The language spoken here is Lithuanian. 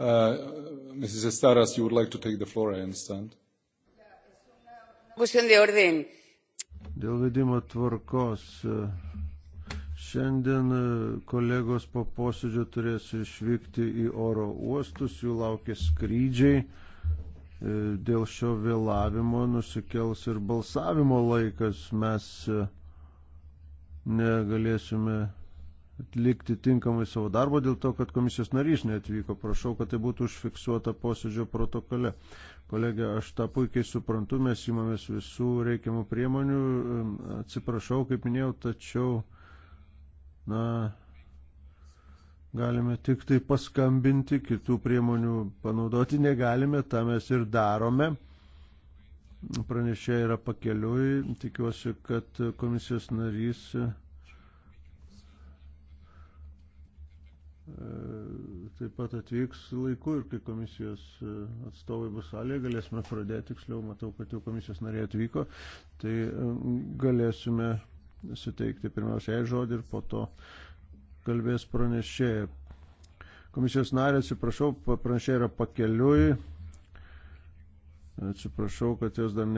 Uh, Mrs. Estaras, you would like to take the floor, I understand. Dėl vedimo tvarkos. Uh, šiandien uh, kolegos po posėdžio turės išvykti į oro uostus, jų laukia skrydžiai. Uh, dėl šio vėlavimo nusikels ir balsavimo laikas. Mes negalėsime atlikti tinkamai savo darbą dėl to, kad komisijos narys neatvyko. Prašau, kad tai būtų užfiksuota posėdžio protokole. Kolegė, aš tą puikiai suprantu, mes įmamės visų reikiamų priemonių. Atsiprašau, kaip minėjau, tačiau, na, galime tik tai paskambinti, kitų priemonių panaudoti negalime, tą mes ir darome. Pranešė yra pakeliui, tikiuosi, kad komisijos narys taip pat atvyks laiku ir kai komisijos e, atstovai bus salėje, galėsime pradėti, tiksliau matau, kad jau komisijos nariai atvyko, tai e, galėsime suteikti pirmiausia jai žodį ir po to kalbės pranešėjai. Komisijos narė, atsiprašau, pranešėjai yra pakeliui, atsiprašau, kad jos dar ne.